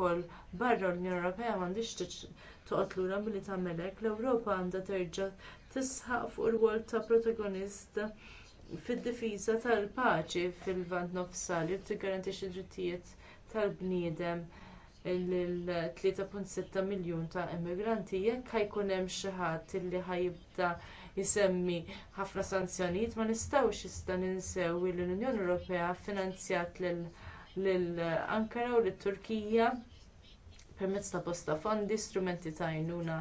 ukoll barra l-Unjoni Ewropea m'għandix toqgħod lura milli tagħmel hekk. L-Ewropa għandha terġa' tisħaq fuq ir-rwol ta' protagonist fid-difiża tal-paċi fil-lvant nofsali li tiggarantixxi d-drittijiet tal-bniedem lill-3.6 miljun ta' immigranti jekk ħajkun hemm xi ħadd li ħajibda jsemmi ħafna sanzjonijiet ma nistgħux issa ninsew li l-Unjoni Ewropea ffinanzjat lil ankara u lit-Turkija permezz ta' bosta fondi, strumenti ta' għajnuna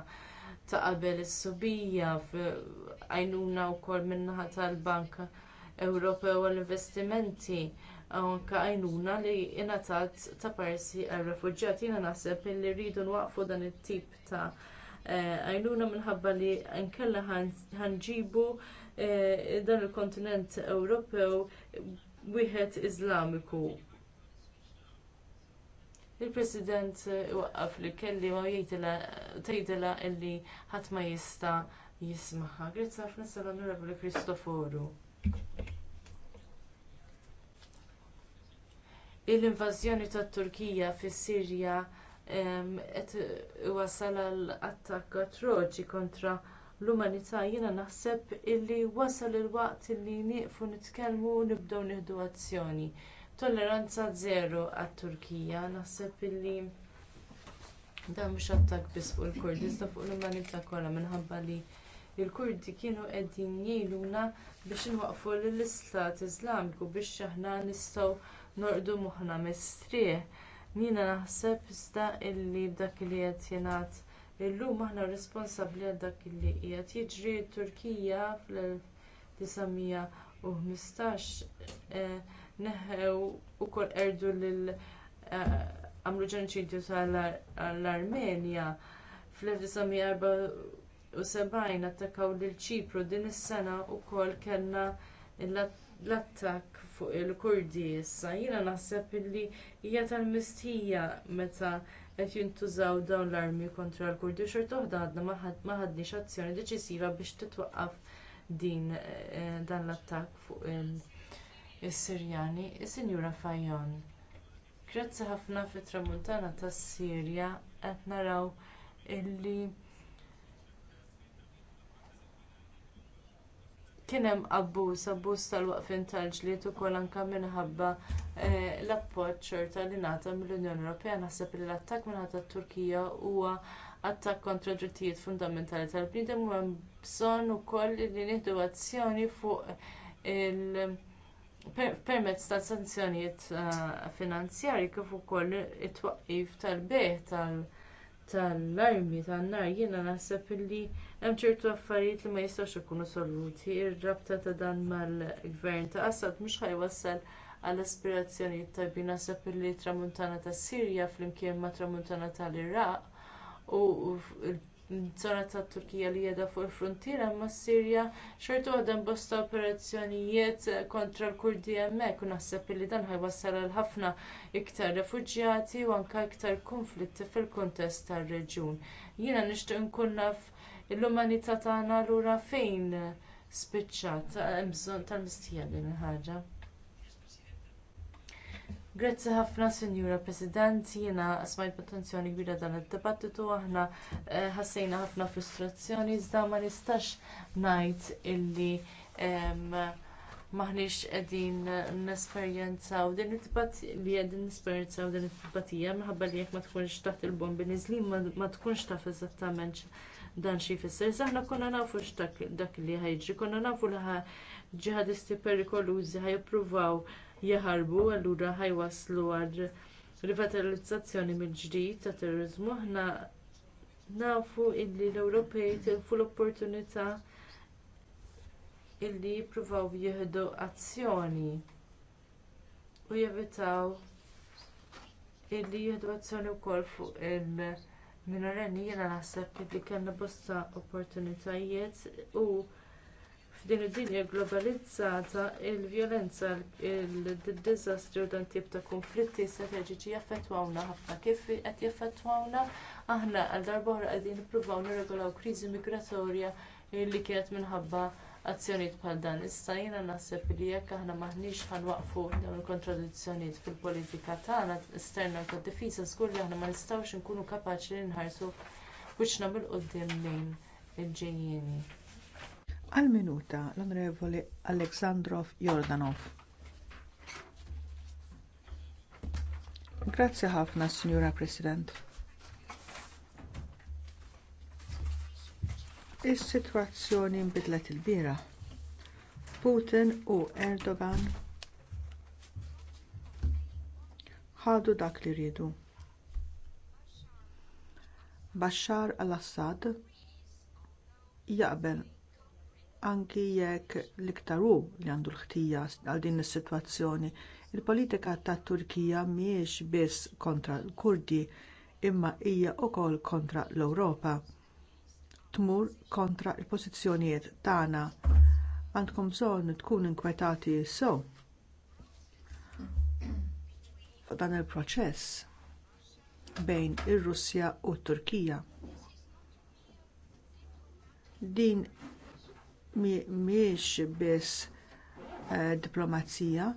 ta' qabel is-subija, għajnuna wkoll min-naħa tal-Bank Ewropew għall-Investimenti, anke għajnuna li ingħatat ta' parsi għar-refuġjati. Jina naħseb li rridu nwaqfu dan it-tip ta' eh, għajnuna minħabba li nkella ħanġibu eh, dan il-kontinent Ewropew wieħed Iżlamiku il-President eh, waqqaf li kelli u jgħidilha illi ħadd ma jista' jismaha. Grazzi ħafna sal-Onorevoli Kristoforu. Il-invażjoni tat-Turkija fis-Sirja qed iwassal għal attakk atroċi kontra l-umanità jiena naħseb illi wasal il-waqt illi nieqfu nitkellmu u nibdew nieħdu azzjoni tolleranza żero għat-turkija naħseb illi dan mhux attakk biss fuq il-kurdi iżda fuq l-umanità kollha minħabba li l-kurdi kienu qegħdin jgħinuna biex inwaqqfu lill-istat iżlamiku biex aħna nistgħu norqdu moħħna mistrieħ jiena naħseb iżda illi b'dak li qed jingħad illum aħna responsabbli għal dak li qiegħed jiġri t-Turkija fl-1915 eh, neħew ukoll erdu lil eh, għamlu ġenoċidju tal-Armenja fl-1974 attakkaw lil ċipru din is-sena wkoll kellna l-attakk fuq il-Kurdi issa jiena naħseb illi hija tal-mistija meta qed jintużaw dawn l-armi kontra l-Kurdi u xorta waħda għadna ma ħadniex azzjoni deċisiva biex titwaqqaf din eh, dan l-attakk fuq il-Kurdi is-sirjani is-sinjura fajon grazzi ħafna fit-tramuntana tas-sirja qed naraw illi kien hemm abbuż abbuż tal-waqfien tal-ġlied ukoll anke minħabba eh, l-appoġġ xorta li ngħata mill-unjoni ewropea naħseb li l-attakk mingħata t turkija huwa attakk kontra d-drittijiet fundamentali tal-bniedem u hemm bżonn ukoll li nieħdu azzjoni fuq il- permezz ta' sanzjonijiet eh, finanzjarji kif ukoll it-twaqqif tal-beħ tal-armi tan-nar jiena naħseb illi hemm ċertu affarijiet li ma jistgħux ikunu soluti ir-rabta ta' dan mal-gvern ta' Assad mhux ħajwassal għal aspirazzjonijiet tajbin naħseb illi t-tramuntana tas-Sirja flimkien mat tramuntana tal-Iraq u l żona tat-turkija li qiegħda fuq il-fruntiera mas-sirja xorta waħda bosta operazzjonijiet kontra l-kurdi hemmhekk u naħseb li dan ħajwassal għal ħafna iktar refuġjati u anke iktar konflitti fil-kuntest tar-reġjun jiena nixtieq inkun naf l-umanità tagħna lura fejn spiċċat tal-mistija din ħaġa Grazzi ħafna, Sinjura President, jiena smajt b'attenzjoni kbira dan id-dibattitu, aħna eh, ħassejna ħafna frustrazzjoni, iżda ma nistax ngħid illi maħniex qegħdin nesperjenzaw din it-tibat li qegħdin u din it-tibatija minħabba li jekk ma tkunx taħt il-bombi niżlin ma tkunx taf eżattament dan xi jfisser. Aħna konna nafu x'dak dak li ħajġi, konna nafu li ġihadisti perikolużi ħajppruvaw jaħarbu allura ħajwaslu għal rivitalizzazzjoni mill-ġdid tat turiżmu aħna nafu li l-ewropej tilfu l-opportunità li jippruvaw jieħdu azzjoni u jevitaw illi jieħdu azzjoni wkoll fuq il-minorenni jiena naħseb li kellna bosta opportunitajiet u F'din id-dinja globalizzata, il-vjolenza, il-diżastri u dan tip ta' konflitti strateġiċi jaffettwawna ħafna kif qed jaffettwawna aħna għal darb'oħra qegħdin nippruvaw nirregolaw kriżi migratorja li kienet minħabba azzjonijiet bħal dan. Issa jiena naħseb li jekk aħna maħniex ħanwaqfu dawn il-kontradizzjonijiet fil-politika tagħna esterna u tad-difiża żgur li aħna ma nistgħux inkunu kapaċi li nħarsu wiċċna mill-qudiem lejn il-ġejjieni għal minuta l-Onorevoli Aleksandrov Jordanov. Grazzi ħafna, Signora President. Is-sitwazzjoni nbidlet ilbieraħ. Putin u Erdogan ħadu dak li riedu. Bashar al-Assad jaqbel anki jekk l-iktar hu li għandu l-ħtija għal din is-sitwazzjoni. Il-politika tat Turkija mhijiex biss kontra l-Kurdi imma hija wkoll kontra l-Ewropa. Tmur kontra l-pożizzjonijiet tagħna. Għandkom bżonn tkun inkwetati sew so. dan il-proċess bejn ir-Russja u t-Turkija. Din mhijiex biss eh, diplomazija,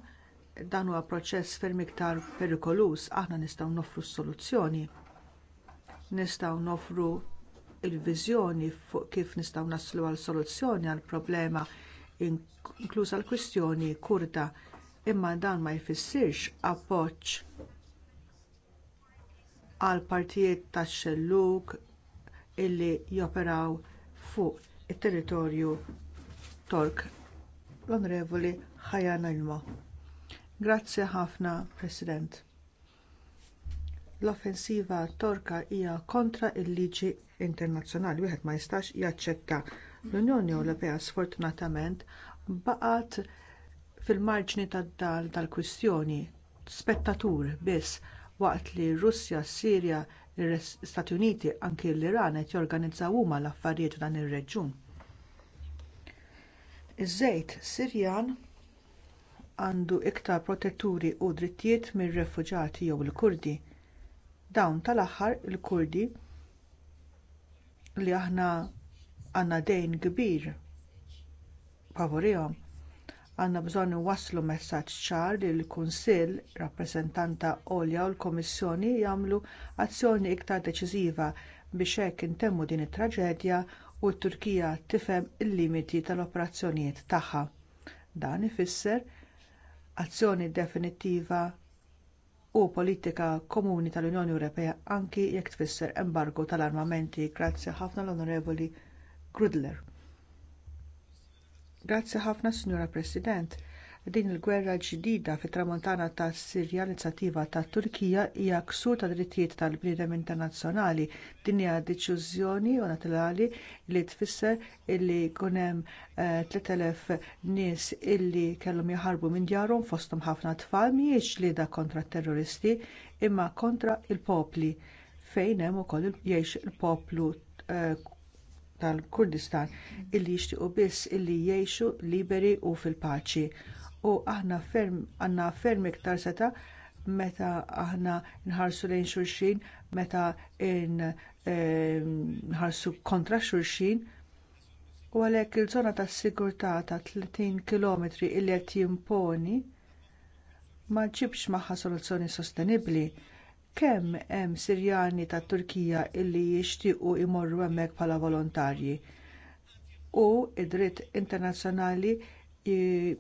dan huwa proċess ferm iktar perikolus, aħna nistgħu nofru s-soluzzjoni. Nistgħu nofru l viżjoni fuq kif nistgħu naslu għal soluzzjoni għall problema inkluż għall kwistjoni kurda imma dan ma jfissirx appoġġ għal partijiet tax xellug illi joperaw fuq it-territorju Tork. L-Onorevoli Ħajan Ilma. Grazzi ħafna, President. L-offensiva torka hija kontra l liġi internazzjonali wieħed ma jistax jaċċetta. L-Unjoni Ewropea sfortunatament baqgħet fil-marġni tal-kwistjoni spettatur biss waqt li r Russja, s Sirja, l istati Uniti anki l-Iran qed jorganizzaw huma l-affarijiet dan ir-reġjun. Iż-żejt Sirjan għandu iktar protetturi u drittijiet mir-refuġati jew il-Kurdi. Dawn tal-aħħar il-Kurdi li aħna għandna dejn kbir favorihom Għandna bżonn waslu messaġġ ċar li l-Kunsill, rappreżentanta għolja u l-Kummissjoni jagħmlu azzjoni iktar deċiżiva biex hekk intemmu din it-traġedja u t-Turkija tifhem il-limiti tal-operazzjonijiet tagħha. Dan ifisser azzjoni definittiva u politika komuni tal-Unjoni Ewropea anki jekk tfisser embargo tal-armamenti. Grazzi ħafna l-Onorevoli Grudler. Grazzi ħafna, Signora President din il-gwerra ġdida fit-tramuntana tas-Sirja l-inizjattiva tat-Turkija hija ksur tad drittijiet tal-bniedem internazzjonali. Din hija deċiżjoni unilaterali li tfisser li jkun hemm 3000 eh, nies illi kellhom jaħarbu minn djarhom fosthom ħafna tfal mhijiex ġlieda kontra t terroristi imma kontra l popli fejn hemm ukoll jgħix il-poplu eh, tal-Kurdistan illi jixtiequ biss illi jgħixu liberi u fil-paċi. U aħna ferm għandna ferm iktar seta meta aħna nħarsu lejn xulxin, meta nħarsu kontra xulxin, u għalhekk il-żona tas-sigurtà ta' 30 km illi qed jimponi ma ġibx magħha soluzzjoni sostenibbli Kemm hemm Sirjani tat Turkija illi jixtiequ jmorru hemmhekk bħala volontarji u id-dritt internazzjonali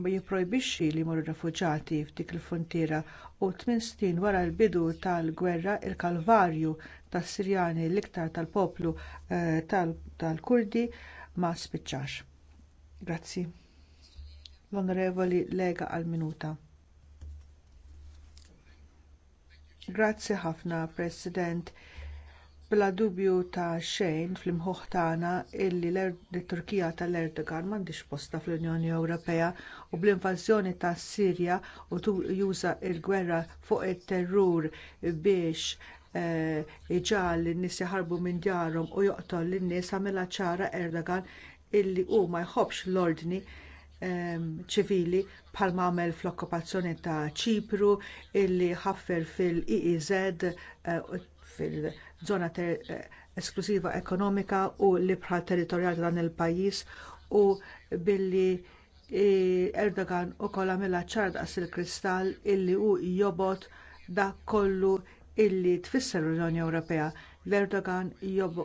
ma jipprojbixxi li jmorru rifuġati f'dik il-fruntiera u tmien snin wara l-bidu tal-gwerra il-kalvarju tas-Sirjani l-iktar tal-poplu eh, tal-Kurdi ma spiċċax. Grazzi. L-Onorevoli Lega għal minuta. Grazzi ħafna, President. Bla dubju ta' xejn fl-imħuħ tagħna illi l-Turkija tal-Erdogan m'għandix posta fl-Unjoni Ewropea u bl-invażjoni tas Sirja u juża l gwerra fuq it-terrur biex eh, iġal lin-nies jaħarbu minn djarhom u joqtol lin-nies għamilha ċara Erdogan illi huma ma jħobbx l-ordni ċivili bħal għamel fl-okkupazzjoni ta' ċipru illi ħaffer fil-EEZ eh, fil-żona eh, esklusiva ekonomika u l-ibħra territorjali ta' dan il-pajjiż u billi eh, Erdogan ukoll għamilha ċar daqs il-kristall illi hu jobot dak kollu illi tfisser l-Unjoni Ewropea l-Erdogan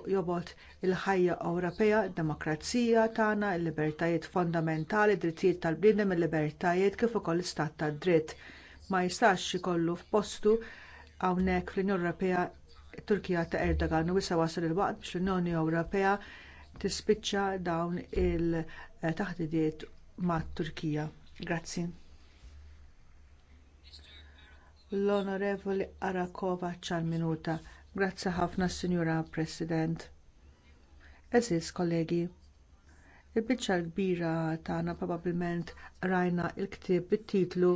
jobot il-ħajja Ewropea, demokrazija tagħna, il-libertajiet fondamentali, drittijiet tal-bniedem, il-libertajiet kif ukoll istat tad dritt. Ma jistax ikollu f'postu hawnhekk fl-Unjoni Ewropea Turkija ta' Erdogan u issa wasal il-waqt biex l-Unjoni Ewropea tispiċċa dawn il-taħdidiet mat Turkija. Grazzi. L-Onorevoli Arakova ċal minuta. Grazzi ħafna, Sinjura President. Eżis, kollegi, il-biċċa l-kbira tagħna probabbilment rajna l ktieb bit-titlu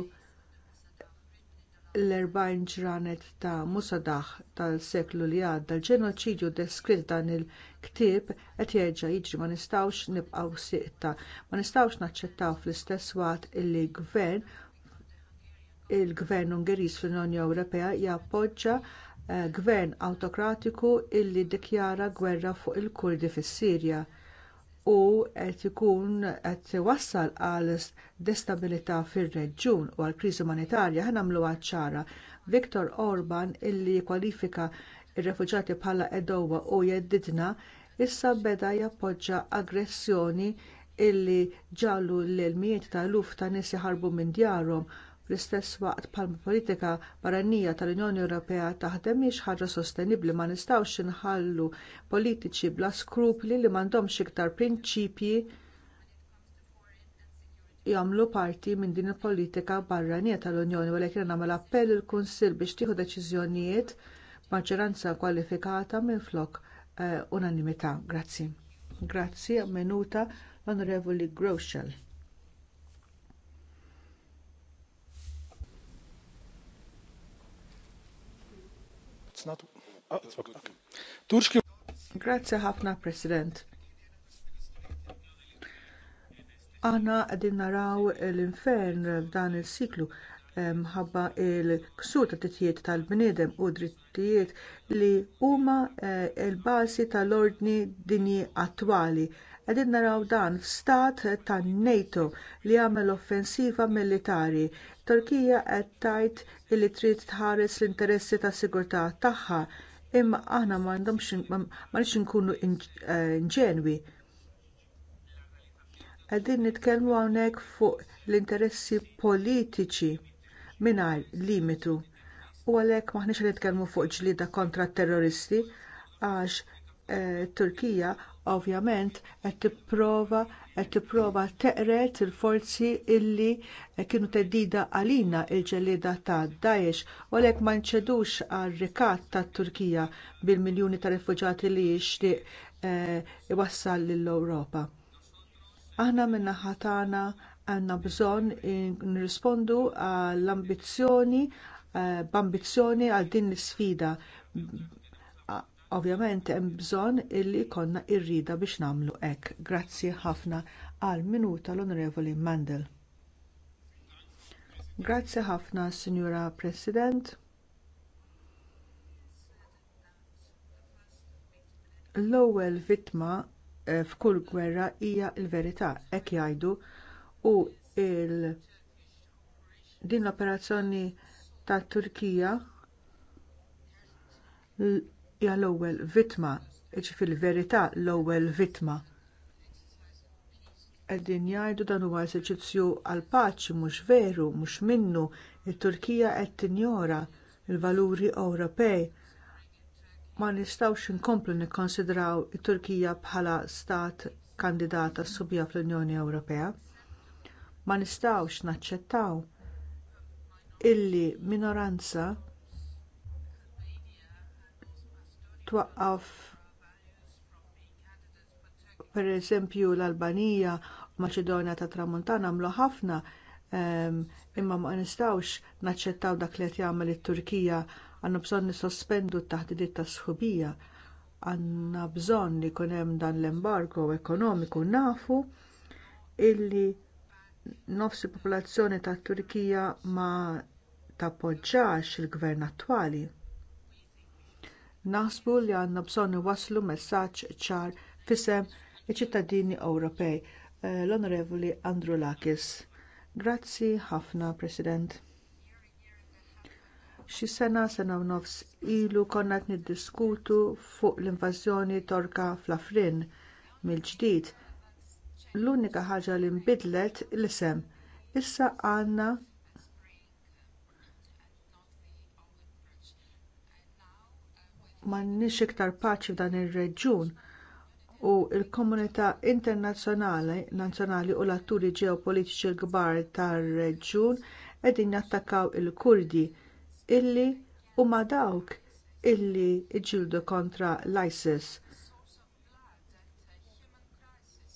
l-40 ġranet ta' Musadaħ tal-seklu li għadda l-ġenoċidju deskritt dan il-ktieb qed jerġa' jiġri ma nistgħux nibqgħu sieqta. Ma nistgħux naċċettaw fl-istess waqt illi gvern il-gvern Ungeriż fl-Unjoni Ewropea jappoġġa Eh, gvern awtokratiku illi ddikjara gwerra fuq il-Kurdi fis-Sirja u qed ikun qed iwassal għal destabilità fir-reġjun u għal kriżi umanitarja ħa nagħmluha ċara. Viktor Orban illi jikkwalifika r refuġati bħala edowa u jeddidna issa beda jappoġġja aggressjoni illi ġallu l-miet ta' luf ta' nies jaħarbu minn djarhom Fl-istess waqt palma politika barranija tal-Unjoni Ewropea taħdem miex ħaġa sostenibbli ma nistgħux inħallu politiċi bla skrupli li m'għandhomx iktar prinċipji jagħmlu parti minn din il-politika barranija tal-Unjoni għalhekk nagħmel appell il-Kunsill biex tieħu deċiżjonijiet maġġoranza kwalifikata minflok eh, unanimità. Grazzi. Grazzi, minuta l-Onorevoli Groschel. Ah, Grazzi ħafna, President. Aħna qegħdin naraw l-infern f'dan il siklu eh, mħabba il-ksur ta' titjiet tal-bniedem u drittijiet li huma eh, l bażi tal-ordni dinji attwali Qegħdin naraw dan f'stat tan-NATO li għamel offensiva militari. Turkija qed tgħid li trid tħares l-interessi tas-sigurtà tagħha imma aħna m'għandhomx inkunu eh, inġenwi. Qegħdin nitkellmu hawnhekk fuq l-interessi politiċi mingħajr limitu. U għalhekk m'aħniex nitkellmu fuq ġlieda kontra t terroristi għax eh, Turkija ovvjament qed tipprova qed tipprova teqret il-forzi illi kienu theddida għalina l ġellieda ta' Daesh u għalhekk ma nċedux għar rikat tat Turkija bil-miljuni ta' rifuġati li jixtieq eh, iwassal lill-Ewropa. Aħna min-naħa tagħna għandna bżonn nirrispondu għall-ambizzjoni eh, b'ambizzjoni għal din l-isfida Ovvjament hemm bżonn illi jkollna rrieda biex nagħmlu hekk. Grazzi ħafna għal minuta l-Onorevoli Mandel. Grazzi ħafna, Signora President. L-ewwel vittma eh, f'kull gwerra hija l-verità hekk jgħidu u din l-operazzjoni tat Turkija hija l-ewwel vittma, fil-verità l-ewwel vittma. Qegħdin jgħidu dan huwa eżerċizzju għal paċi mhux veru, mhux minnu, it-Turkija qed tinjora l valuri Ewropej. Ma nistgħux inkomplu nikkonsidraw it-Turkija bħala stat kandidata subija fl-Unjoni Ewropea. Ma nistgħux naċċettaw illi minoranza twaqqaf pereżempju l-Albanija u Maċedonja tat Tramuntana għamlu ħafna imma ma nistgħux naċċettaw dak li qed jagħmel it-Turkija għandna bżonn nisospendu t-taħdidiet tas-sħubija għandna bżonn li jkun hemm dan l-embargo ekonomiku nafu illi nofs il-popolazzjoni tat-Turkija ma tappoġġjax il-gvern attwali. Naħsbu li għandna bżonn waslu messaġġ ċar fisem iċ-ċittadini Ewropej. Eh, L-Onorevoli Andrew Lakis. Grazzi ħafna, President. Xi sena sena u nofs ilu konna qed niddiskutu fuq l-invażjoni torka fl-Afrin mill-ġdid. L-unika ħaġa li nbidlet l-isem. Issa għandna m'għandniex iktar paċi f'dan ir-reġjun u l-komunità internazzjonali nazzjonali u l-atturi ġeopolitiċi l-kbar tar-reġjun qegħdin jattakkaw il-Kurdi illi huma dawk illi jġildu kontra l-ISIS.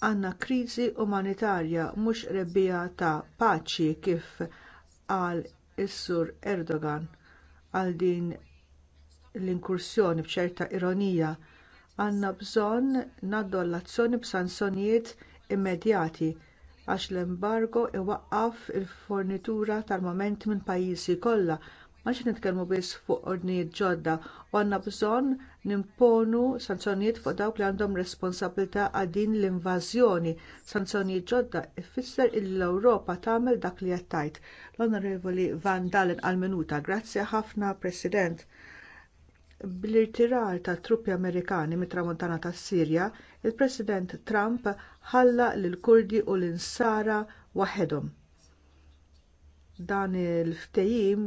Għandna kriżi umanitarja mhux rebbija ta' paċi kif qal is-sur Erdogan għal din l-inkursjoni bċerta ironija għandna bżonn ngħaddu għall-azzjoni b'sanzjonijiet immedjati għax l-embargo iwaqqaf il-fornitura tal-moment minn pajjiżi kollha ma xi nitkellmu biss fuq ordnijiet ġodda u għandna bżonn nimponu sanzjonijiet fuq dawk li għandhom responsabilità għal din l-invażjoni. Sanzjonijiet ġodda ifisser li l-Ewropa tagħmel dak li qed tgħid. L-Onorevoli Van Dalen għal minuta. Grazzi ħafna President Bl-irtirar tat truppi Amerikani mit-tramuntana tas Sirja, il-President Trump ħalla lil kurdi u l-insara waħedhom. Dan il-ftehim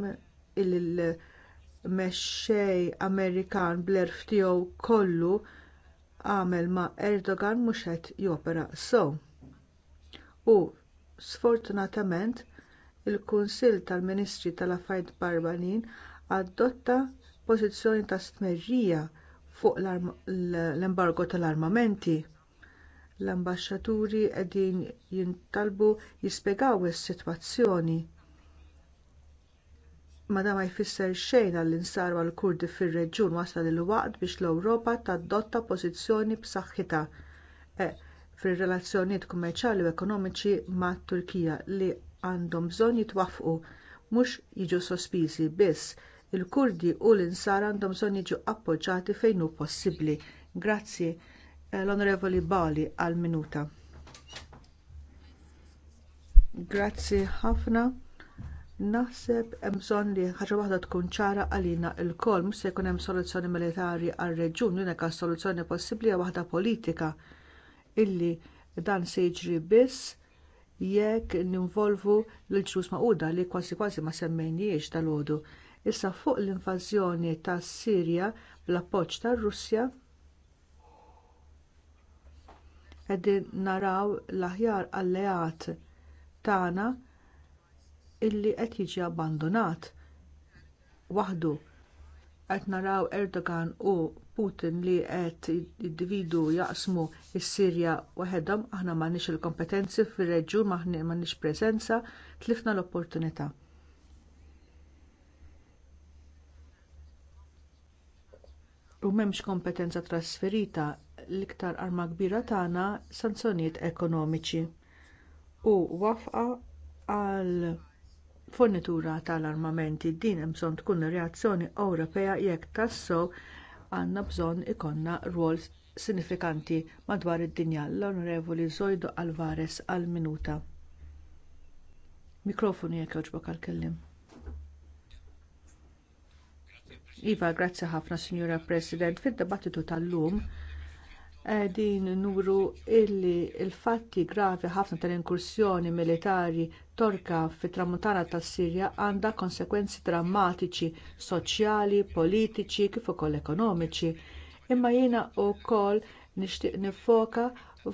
il-mexxej Amerikan bl-erf tiegħu kollu għamel ma' Erdogan mhux qed jopera sew. So. U sfortunatament il-Kunsill tal-Ministri tal-Affarijiet Barbanin adotta pożizzjoni ta' stmerrija fuq l-embargo tal-armamenti. L-ambaxxaturi qegħdin jintalbu jispjegaw is-sitwazzjoni ma ma jfisser xejn għall insar għall kurdi fir-reġjun wasal il-waqt biex l-Ewropa tadotta pożizzjoni b'saħħitha e, fir-relazzjonijiet kummerċjali u ekonomiċi mat Turkija li għandhom bżonn jitwaffqu mhux jiġu sospiżi biss il-Kurdi u l-insar għandhom bżonn jiġu appoġġjati fejn hu possibbli. Grazzi eh, l-Onorevoli Bali għal minuta. Grazzi ħafna. Naħseb hemm bżonn li ħaġa waħda tkun ċara għalina l-kolm se jkun hemm soluzzjoni militari għar-reġjun, l-unika soluzzjoni possibbli hija waħda politika illi dan se jiġri biss jekk ninvolvu l-ġlus maquda li kważi kważi ma semmejniex tal-għodu. Issa fuq l-invażjoni tas Sirja bl-appoġġ tar-Russja qegħdin naraw l-aħjar alleat tagħna illi qed jiġi abbandunat waħdu qed naraw Erdogan u Putin li qed jiddividu jaqsmu s-Sirja waħedhom aħna m'għandniex il-kompetenzi fir-reġjun m'għandniex preżenza tlifna l-opportunità. u m'hemmx kompetenza trasferita l-iktar arma kbira tagħna sanzjonijiet ekonomiċi u wafqa għal fornitura tal-armamenti din hemm bżonn tkun reazzjoni Ewropea jekk tassew għandna bżonn ikollna rwol sinifikanti madwar id-dinja l-Onorevoli Zojdo Alvarez għal minuta. Mikrofonu jekk jogħġbok għall-kellim. Iva, grazzi ħafna, Signora President. Fid-debattitu tal-lum, din nuru illi l il fatti gravi ħafna tal-inkursjoni militari torka fit tramuntana tas Sirja għandha konsegwenzi drammatiċi soċjali, politiċi, kif ukoll ekonomiċi. Imma jiena wkoll nixtieq nifoka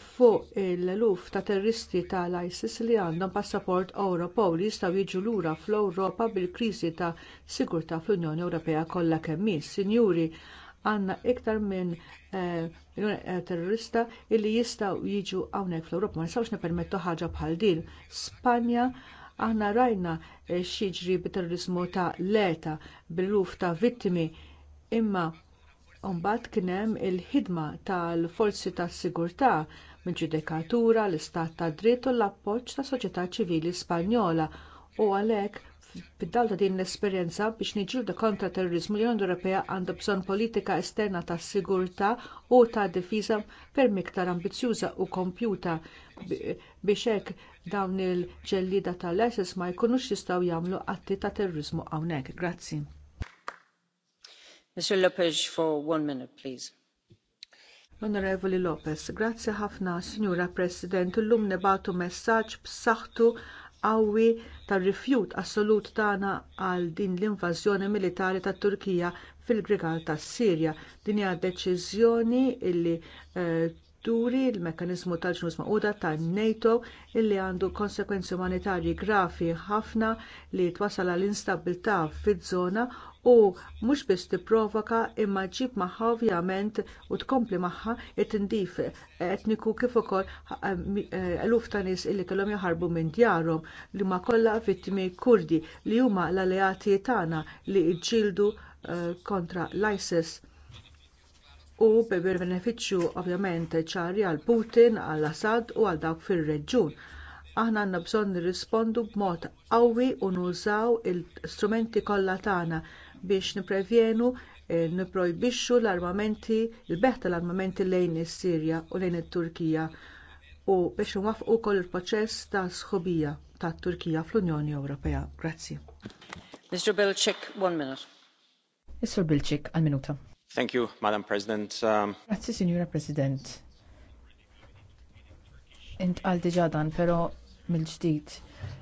fuq il-eluf ta' terroristi tal-ISIS li għandhom passaport Ewropew li jistgħu jiġu lura fl-Ewropa bil-kriżi ta' sigurtà fl-Unjoni Ewropea kollha kemm hi. Sinjuri, għandna iktar minn eh, eh, terrorista li jistgħu jiġu hawnhekk fl-Ewropa ma nistgħux nippermettu ħaġa bħal din. Spanja aħna rajna eh, xi bit-terrorizmu ta' leta bil-luf ta' vittimi imma Mbagħad kien hemm il-ħidma tal-forzi tas-sigurtà mill-ġudikatura, l-istat tad dritt u l-appoġġ ta' soċjetà ċivili Spanjola u għalhekk fid ta' din l-esperjenza biex niġġieldu kontra terrorizmu l-Unjoni Ewropea għandha bżonn politika esterna tas sigurtà u tad difiża ferm iktar ambizzjuża u kompjuta biex hekk dawn il-ġellieda tal-ISIS ma jkunux jistgħu jagħmlu atti ta' terrorizmu hawnhekk. Grazzi. Onorevoli Lopez, grazzi ħafna, Sinjura President, illum nebatu messaġġ b'saħħtu qawwi tar-rifjut assolut tagħna għal din l-invażjoni militari tat Turkija fil-Grigal tas-Sirja. Din hija deċiżjoni li eh, turi l-mekkaniżmu tal-ġnus maquda tan-NATO illi għandu konsegwenzi umanitarji grafi ħafna li twasal għall instabilità fiż-żona u mhux biss tipprovoka imma ġib magħha ovvjament u tkompli magħha it-tindif etniku kif ukoll eh, eh, eluf ta' nies illi kellhom jaħarbu minn djarhom li ma kollha vittimi kurdi li huma l-alleati tagħna li jġildu eh, kontra l-ISIS u bebir benefiċċju ovvjament ċari għal Putin, għal Assad u għal dawk fir-reġjun aħna għandna bżonn nirrispondu b'mod qawwi u nużaw l strumenti kollha tagħna biex nipprevenu eh, nipprojbixxu l-armamenti, il beħt tal-armamenti lejn is-Sirja u lejn it-Turkija u biex nwafqu wkoll il-proċess ta' sħobija tat Turkija fl-Unjoni Ewropea. Grazzi. Mr. Bilczek, one minute. Mr. għal minuta. Thank you, Madam President. Um... Signora President. Int għal pero mill-ġdid.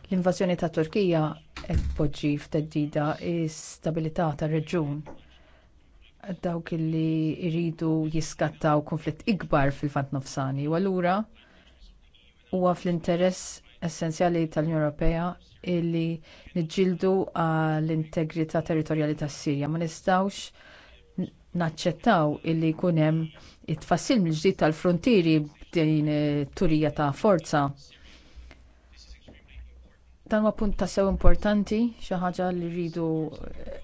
L-invażjoni ta' Turkija qed poġġi f'teddida l stabilità tar-reġjun. Dawk li jridu jiskattaw konflitt ikbar fil-Vant Nofsani u allura huwa fl-interess essenzjali tal-Unjoni Ewropea illi niġġieldu għall-integrità territorjali tas-Sirja. Ma nistgħux naċċettaw illi jkun hemm it-tfassil mill-ġdid tal-frontieri b'din eh, turija ta' forza dan huwa punt ta' sew importanti xi ħaġa li rridu eh,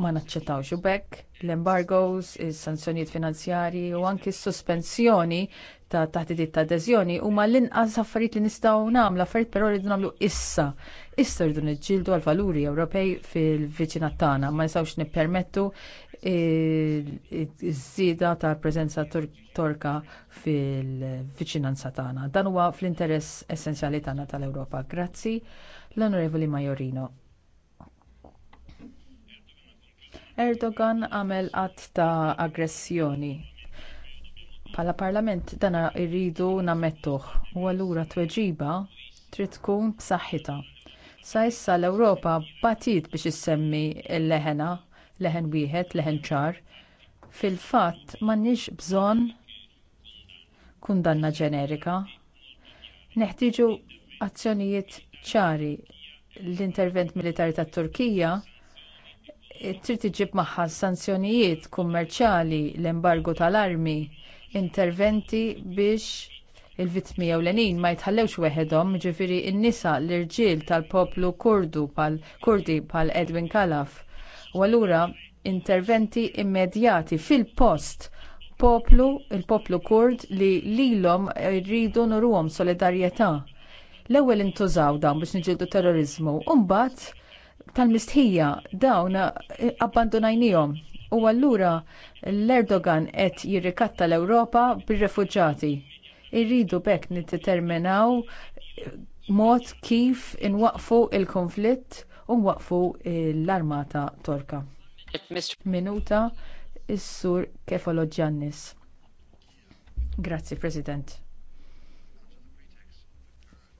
ma naċċettawx u bekk l-embargoes, is-sanzjonijiet finanzjarji u anki s-sospensjoni ta' taħdidiet ta' adeżjoni huma l-inqas affarijiet li nistgħu nagħmlu affarijiet però rridu nagħmlu issa. Issa rridu niġġieldu għal valuri Ewropej fil-viċinat tagħna ma nistgħux nippermettu iż-żieda ta' preżenza torka fil-viċinanza tagħna. Dan huwa fl-interess essenzjali tagħna tal-Ewropa. Grazzi l-Onorevoli Majorino. Erdogan għamel qatt ta' aggressjoni Bħala parlament dan irridu nammettuh u allura tweġiba trid tkun b'saħħitha. Sa issa l-Ewropa batit biex issemmi l-leħena leħen wieħed, leħen ċar. Fil-fatt m'għandniex bżonn kundanna ġenerika. Neħtieġu azzjonijiet ċari l-intervent militari tat-Turkija trid iġib magħha sanzjonijiet kummerċjali l-embargo tal-armi interventi biex il-vittmi ewlenin ma jitħallewx weħedhom jiġifieri n-nisa l-irġiel tal-poplu kurdu pal kurdi bħall Edwin Kalaf U allura interventi immedjati fil-post poplu, il-poplu kurd li lilhom rridu nurhom solidarjetà. L-ewwel intużaw dawn biex niġildu terrorizmu, u mbagħad tal-mistħija dawn eh, abbandunajniehom. u allura l-Erdogan qed jirrikatta l-Ewropa bir-refuġġati. Irridu bekk niddeterminaw eh, mod kif inwaqfu l konflitt u waqfu l-armata torka. Minuta is-sur Kefaloġġannis. Grazzi, President.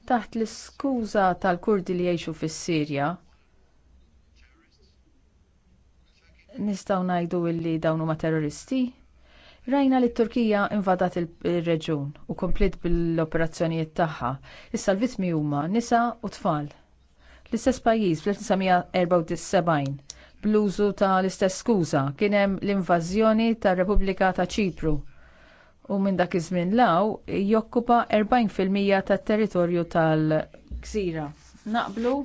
Taħt l-iskuża tal-Kurdi li jgħixu fis-Sirja, nistgħu ngħidu li dawn huma terroristi? Rajna li t-Turkija invadat il-reġun u komplet bil-operazzjonijiet tagħha. Issa l-vittmi huma nisa u tfal. L-istess pajjiż fl-1974 bl-użu ta' l-istess skuża kien hemm l-invażjoni tar-Repubblika ta' Ċipru u minn dak iż-żmien law jokkupa 40% tat-territorju tal-Gżira. Naqblu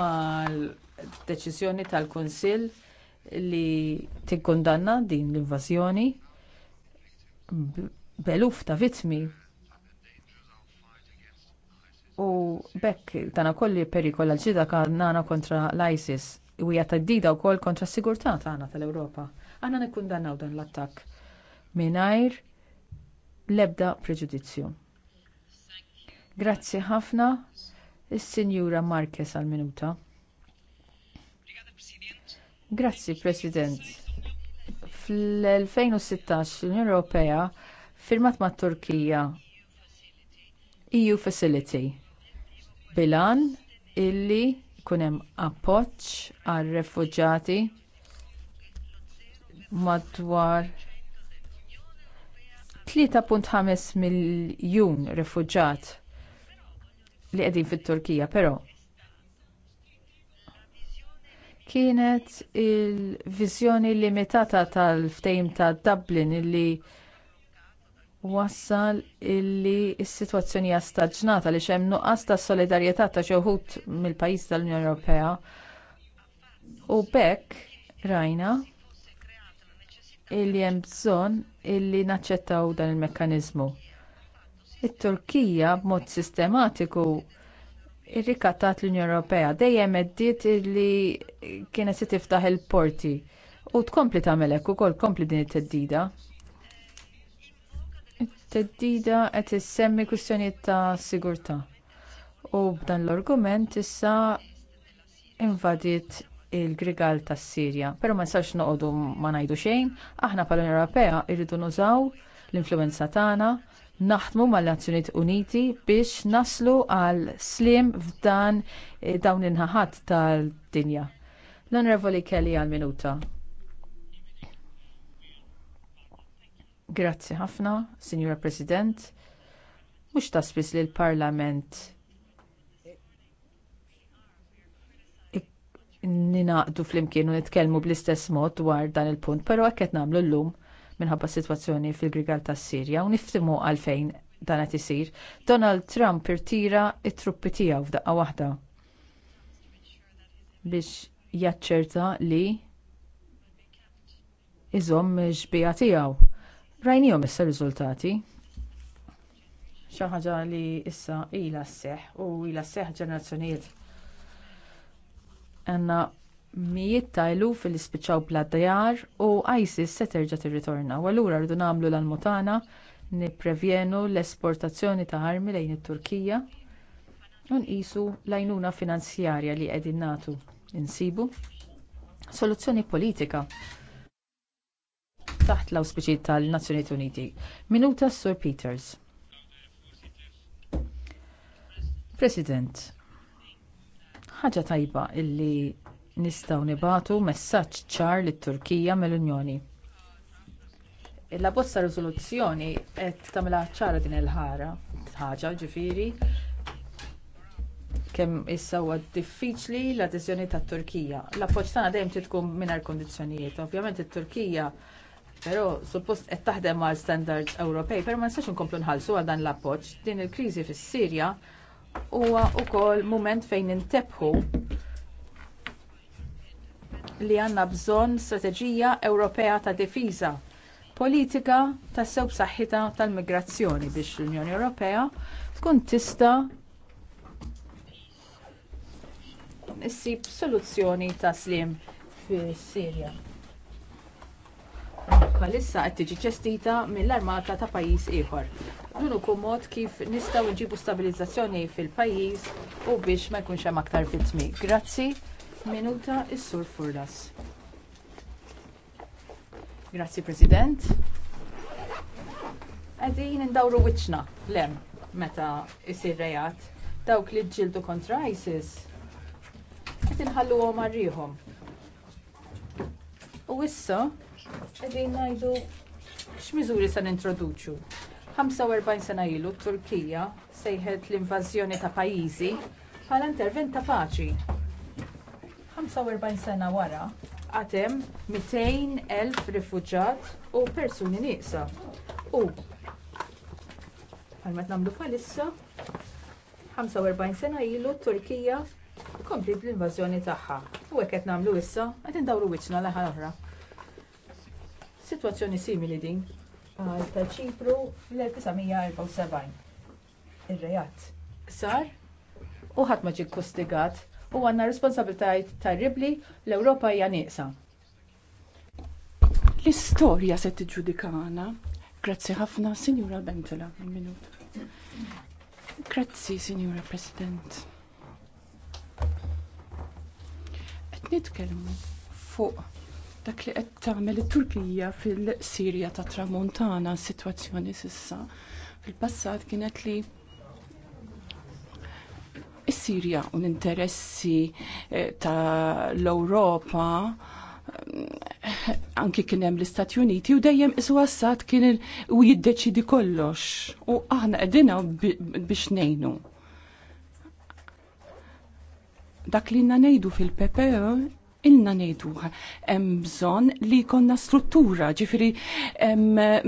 mal-deċiżjoni tal-Kunsill li tikkundanna din l-invażjoni beluf ta' vittmi u bekk tana kolli perikola l-ġida kanana kontra l-ISIS u hija u wkoll kontra s-sigurtà tagħna tal-Ewropa. Għandna nikkundannaw dan l-attakk mingħajr l-ebda preġudizzju. Grazzi ħafna is-Sinjura Marques għall minuta Grazzi President. Fl-2016 l-Unjoni Ewropea firmat mat Turkija EU Facility bilan illi jkun hemm appoġġ għar madwar 3.5 miljun refuġjat li qegħdin fit-Turkija, però kienet il-viżjoni limitata tal-ftehim ta' Dublin illi wassal illi s-sitwazzjoni hija staġnata li hemm nuqqas ta' solidarjetà ta' xi wħud mill-pajjiż tal-Unjoni Ewropea. U b'hekk rajna illi hemm bżonn illi naċċettaw dan il-mekkaniżmu. It-Turkija b'mod sistematiku irrikattat l-Unjoni Ewropea dejjem għeddiet illi kienet se tiftaħ il-porti u tkompli tagħmel hekk ukoll kompli din it-teddida Teddida qed issemmi kwistjonijiet ta' sigurtà u b'dan l-argument issa invadiet il-grigal tas-Sirja. Però ma nistax noqogħdu ma ngħidu xejn, aħna unjoni Ewropea rridu nużaw l-influenza tagħna naħdmu mal-Nazzjonijiet Uniti biex naslu għal slim f'dan eh, dawn inħaħat tad-dinja. L-Onorevoli Kelly għal minuta. Grazzi ħafna, Signora President. Mhux ta' li l-Parlament ninaqdu flimkien u nitkellmu bl-istess mod dwar dan il-punt, però hekk qed nagħmlu llum minħabba s-sitwazzjoni fil-Grigal tas-Sirja u niftimu għalfejn dan qed isir. Donald Trump irtira t truppi tiegħu f'daqqa waħda biex jaċċerta li iżomm ġbija tiegħu. Rajnijom issa riżultati. Xi ħaġa li issa ilha sseħħ u ilha sseħħ ġenerazzjonijiet. Għandna mijiet ta' eluf fil spiċċaw bla u ISIS se terġa' tirritorna. U allura rridu nagħmlu l-almutana nipprevjenu l-esportazzjoni ta' armi lejn it-Turkija u nqisu l-għajnuna finanzjarja li qegħdin nagħtu insibu soluzzjoni politika taħt l-auspiċi tal-Nazzjonijiet Uniti. Minuta Sur Peters. President, ħaġa tajba illi nistgħu nibatu messaġġ ċar li turkija mill-Unjoni. Il-abbozza riżoluzzjoni qed tagħmilha ċara din il-ħara ħaġa ġifieri kemm issa huwa diffiċli l-adeżjoni tat-Turkija. L-appoġġ tagħna dejjem tkun mingħajr kundizzjonijiet. Ovvjament it-Turkija Pero suppost qed taħdem għal standards Ewropej, però ma nistax inkomplu nħallsu għal dan l-appoġġ din il-kriżi fis-Sirja huwa wkoll mument fejn intebħu li għandna bżonn strateġija Ewropea ta' difiża politika tas sew saħħita tal-migrazzjoni biex l-Unjoni Ewropea tkun tista' issib soluzzjoni ta' slim fis-Sirja bħalissa qed tiġi ċestita mill-armata ta' pajjiż ieħor. Dun ukoll mod kif nistgħu nġibu stabilizzazzjoni fil-pajjiż u biex ma jkunx hemm aktar vittmi. Grazzi, minuta is-Sur Furlas. Grazzi President. Qegħdin indawru wiċċna lem meta jsir rejat dawk li ġildu kontra ISIS qed inħalluhom għarrieħhom. U issa qegħdin ngħidu x'miżuri se nintroduċu. 45 sena ilu t Turkija sejħet l-invażjoni ta' pajjiżi bħala intervent ta' paċi. 45 sena wara għatem 200.000 rifuġġat u persuni nieqsa. U għalmet namlu palissa 45 sena ilu Turkija kompli bl-invażjoni tagħha. U hekk qed nagħmlu issa qed indawru wiċċna l-aħħar oħra. Situazzjoni simili din għal ta' ċipru l-1974. Ir-rejat sar u ħadd ma ġie kustigat u għandna responsabiltajt terribli l-Ewropa hija nieqsa. L-istorja se tiġġudikana. Grazzi ħafna, Sinjura Bentela, minut. Grazzi, Sinjura President. Qed nitkellmu fuq dak li qed tagħmel it-Turkija fil-Sirja tat Tramuntana s-sitwazzjoni s'issa fil-passat kienet li is-Sirja u l-interessi eh, ta' l-Ewropa eh, anki kien hemm l-Istati Uniti u dejjem isu Assad kien u jiddeċidi kollox u aħna qegħdin biex ngħinu. Dak li ngħidu fil-PPE inna nejduħ bżon li konna struttura, ġifiri eh,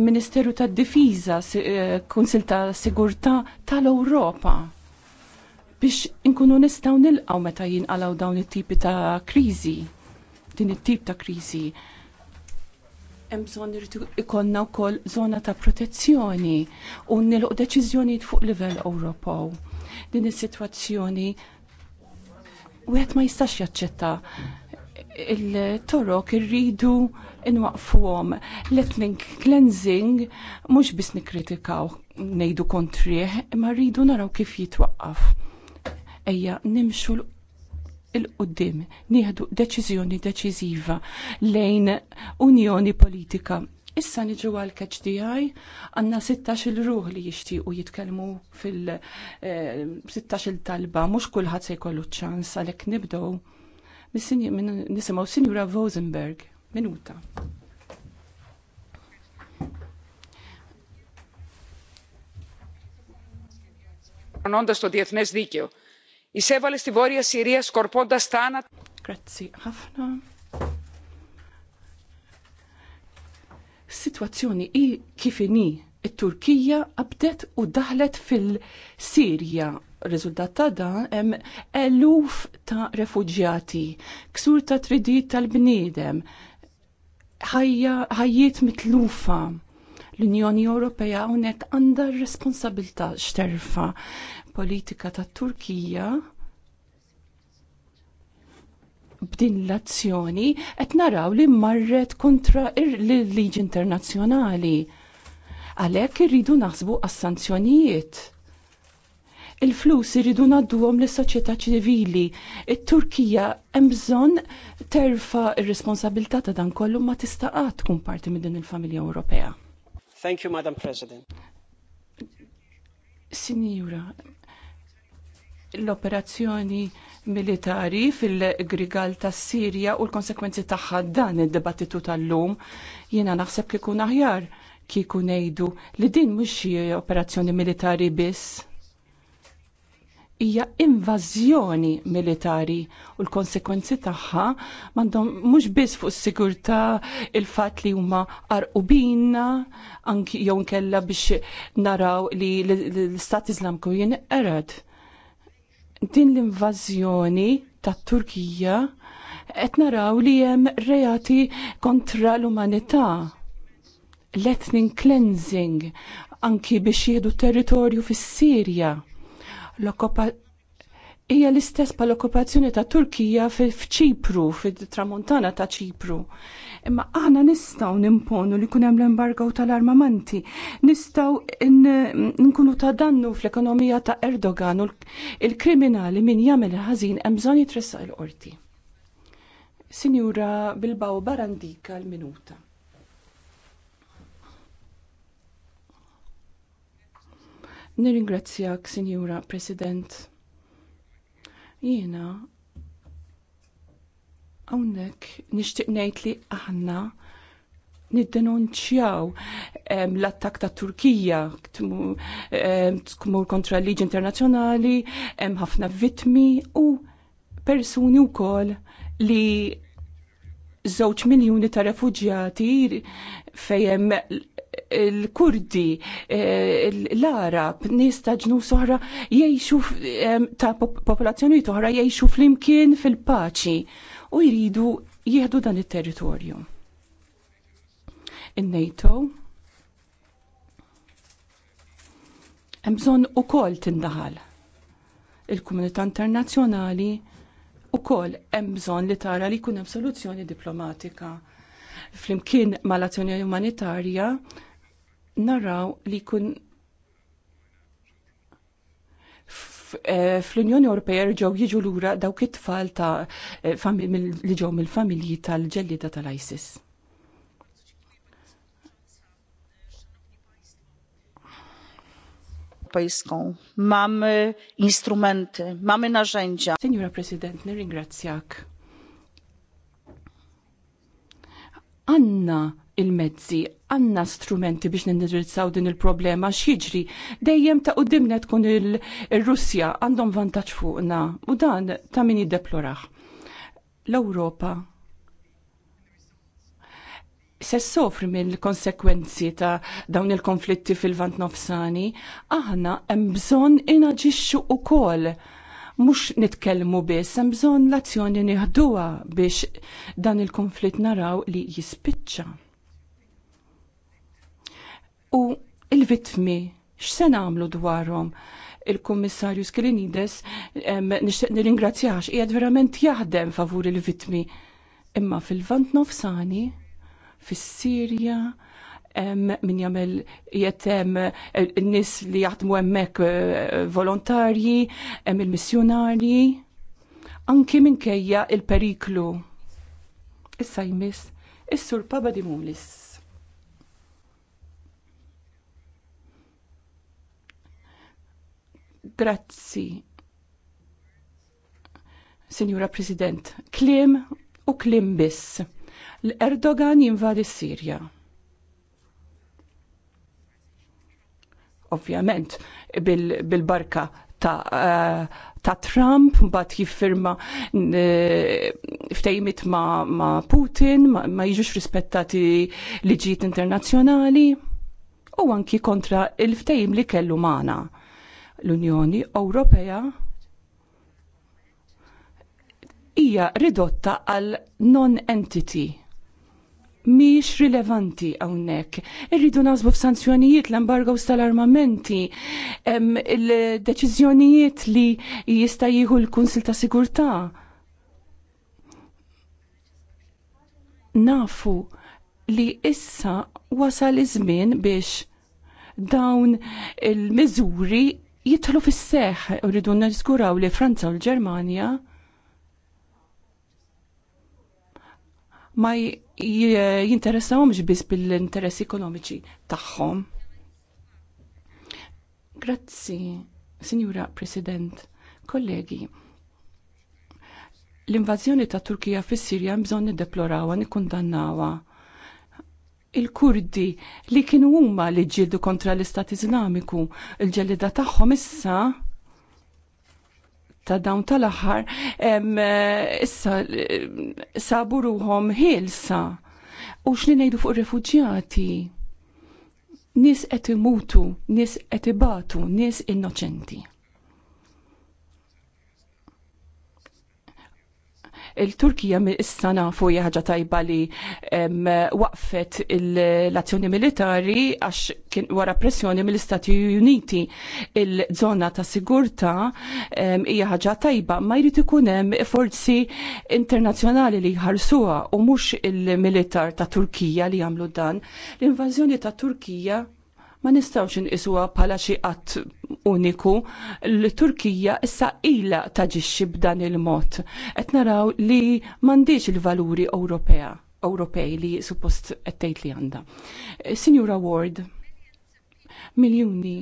Ministeru ta' Difiza, eh, Kunsil ta' Sigurta tal-Europa biex inkunu nistaw nilqaw meta jinqalaw dawn it-tipi ta' krizi, din it-tip ta' krizi. Hemm bżonn irridu ikollna wkoll żona ta' protezzjoni u nilqu deċiżjonijiet fuq livell Ewropew. Din is-sitwazzjoni wieħed ma jistax jaċċetta il-torok irridu inwaqfuhom. l etnik cleansing mhux biss nikkritikaw ngħidu kontrih, imma rridu naraw kif jitwaqqaf. Ejja nimxu l qoddim nieħdu deċiżjoni deċiżiva lejn unjoni politika. Issa niġu għal KHDI għanna 16 il-ruħ li jishtiqu jitkellmu fil-16 eh, il-talba, mux kullħat se jkollu ċans għalek nibdow nisimaw Sinjura Vosenberg. Minuta. Għanondas to dietnes dikju. Isevali sti vorja Sirija skorponda stana. Grazzi ħafna. Situazzjoni i kifini it-Turkija abdet u daħlet fil-Sirja. Riżultat ta' dan hemm eluf ta' refuġjati, ksur ta' tridiet tal-bniedem, ħajjiet mitlufa. L-Unjoni Ewropea hawnhekk għandha r-responsabilità xterfa politika tat Turkija b'din l-azzjoni qed naraw li marret kontra il-liġi internazzjonali Għalhekk irridu naħsbu għas-sanzjonijiet. Il-flus irridu għom lis soċjetà ċivili. It-Turkija hemm bżonn terfa r responsabilta ta' dan kollu ma tista' qatt tkun parti minn din il-familja Ewropea. Thank you, Madam President. Sinjura, l-operazzjoni militari fil-grigal ta' Sirja u l-konsekwenzi tagħha dan id debattitu tal-lum jiena naħseb kikun aħjar kieku ngħidu li din mhux xi operazzjoni militari biss. Hija invażjoni militari u l-konsekwenzi tagħha m'għandhom mhux biss fuq is-sigurtà il-fatt li huma arqubina anki jew nkella biex naraw li l-Istat Iżlamku jinqered. Din l-invażjoni tat-Turkija qed naraw li hemm reati kontra l-umanità l-ethnic cleansing anki biex jihdu territorju fis-Sirja. Hija l-istess pa l-okkupazzjoni ta' Turkija f'Ċipru, fit-Tramuntana ta' Ċipru. Imma aħna nistgħu nimponu li kunem hemm l-embargo tal-armamenti, nistgħu nkunu ta' dannu fl-ekonomija ta' Erdogan u l-kriminali min jagħmel ħażin hemm bżonn jitressaq il-qorti. Sinjura Bilbao Barandika l-minuta. Nirringrazzjak, Sinjura President. Jiena hawnhekk nixtieq ngħid li aħna niddenunċjaw ehm, l-attak ta' Turkija ehm, tmur kontra l-liġi internazzjonali, hemm ħafna vittmi u persuni wkoll li żewġ miljuni ta' refuġjati fejn il-Kurdi, eh, l-Arab, nis ta' ġnu soħra jgħixu ta' popolazzjoni toħra jgħixu flimkien fil-paċi u jridu jieħdu dan it-territorju. In-NATO hemm bżonn ukoll tindaħal. Il-komunità internazzjonali u hemm bżonn li tara li jkun hemm soluzzjoni diplomatika flimkien mal-azzjoni umanitarja naraw li kun eh, fl-Unjoni Ewropea rġew jiġu lura dawk it-tfal ta' eh, li ġew mill-familji tal-ġellida tal-ISIS. Europejską. Mam instrumenty, mamy narzędzia. Signora President, nirringrazzjak. Anna il-mezzi, għanna strumenti biex nindirizzaw din il-problema x'jiġri dejjem ta' qudiemna tkun il-Russja għandhom vantaġġ fuqna u dan ta' min jiddeploraħ. L-Ewropa se soffri mill-konsekwenzi ta' dawn il-konflitti fil-vant nofsani, aħna hemm bżonn inaġixxu ukoll mux nitkelmu biss, hemm bżonn l-azzjoni nieħduha biex dan il-konflitt naraw li jispiċċa u il-vitmi x'se nagħmlu dwarhom il-Kummissarju Skilinides nixtieq nirringrazzjax qiegħed verament jaħdem favur il-vitmi. Imma fil-vant nofsani, fis-Sirja, min jagħmel jetem n-nies li jaħdmu hemmhekk eh, volontarji, hemm il-missjonarji, anki minkejja il-periklu. Issa jmiss, is-sur Papa Dimulis. Grazzi. Signora President, klim u klim biss. L-Erdogan jinvadi Sirja. Ovvjament, bil-barka bil ta' uh, ta' Trump, mbagħad jiffirma eh, ftejmit ma', ma Putin, ma, ma jiġux rispettati liġijiet internazzjonali u anki kontra il-ftejm li kellu magħna l-Unjoni Ewropea hija ridotta għal non-entity miex rilevanti għawnek. Irridu nazbu f'sanzjonijiet l-embargos tal-armamenti, il-deċizjonijiet li jista' jieħu l-Kunsil ta' Sigurtà. Nafu li issa wasal iż-żmien biex dawn il-miżuri jitħlu fis-seħ u rridu niżguraw li Franza u l-Ġermanja ma jinteressawhomx biss bil-interess ekonomiċi tagħhom. Grazzi, Sinjura President, kollegi. L-invażjoni ta' Turkija fis-Sirja bżonn niddeplorawha, nikkundannawha il-Kurdi li kienu huma li ġildu kontra l-Istat Iżlamiku, il-ġellida tagħhom issa ta' dawn tal-aħħar issa eh, sabu ruhom ħilsa. U x'li ngħidu fuq ir-refuġjati? Nies qed imutu, nies qed ibatu, nies innoċenti. Il-Turkija issa nafu ħaġa tajba li waqfet l-azzjoni militari għax kien wara pressjoni mill-Istati Uniti il-żona ta' sigurta hija ħaġa tajba ma jrid ikun hemm forzi internazzjonali li jħarsuha u mhux il-militar ta' Turkija li jagħmlu dan. L-invażjoni ta' Turkija ma nistawx inqisuha bħala xi qatt uniku. L-Turkija issa ilha taġixxi b'dan il-mod. Qed naraw li m'għandix il-valuri Ewropea Ewropej li suppost qed tgħid li għandha. Sinjura Ward, miljuni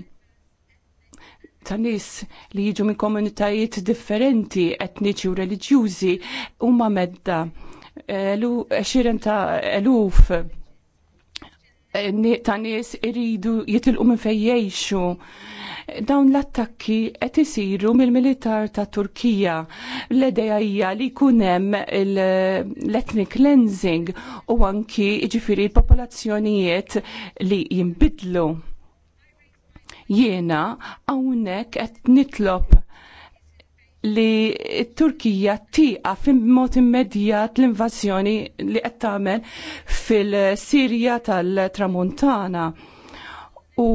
ta' nis li jiġu minn komunitajiet differenti, etniċi u reliġjużi, huma medda elu, eh, eh, xiren ta' eluf Eh, ta' nies iridu jitilqu minn fejjejxu. Dawn l-attakki qed isiru mill-militar ta' Turkija. L-idea hija li jkun hemm l-ethnic cleansing u anki jiġifieri l-popolazzjonijiet li jinbidlu. Jiena hawnhekk qed nitlob li t-Turkija tiqa f'mod immedjat l-invażjoni li qed tagħmel fil-Sirja tal-Tramuntana u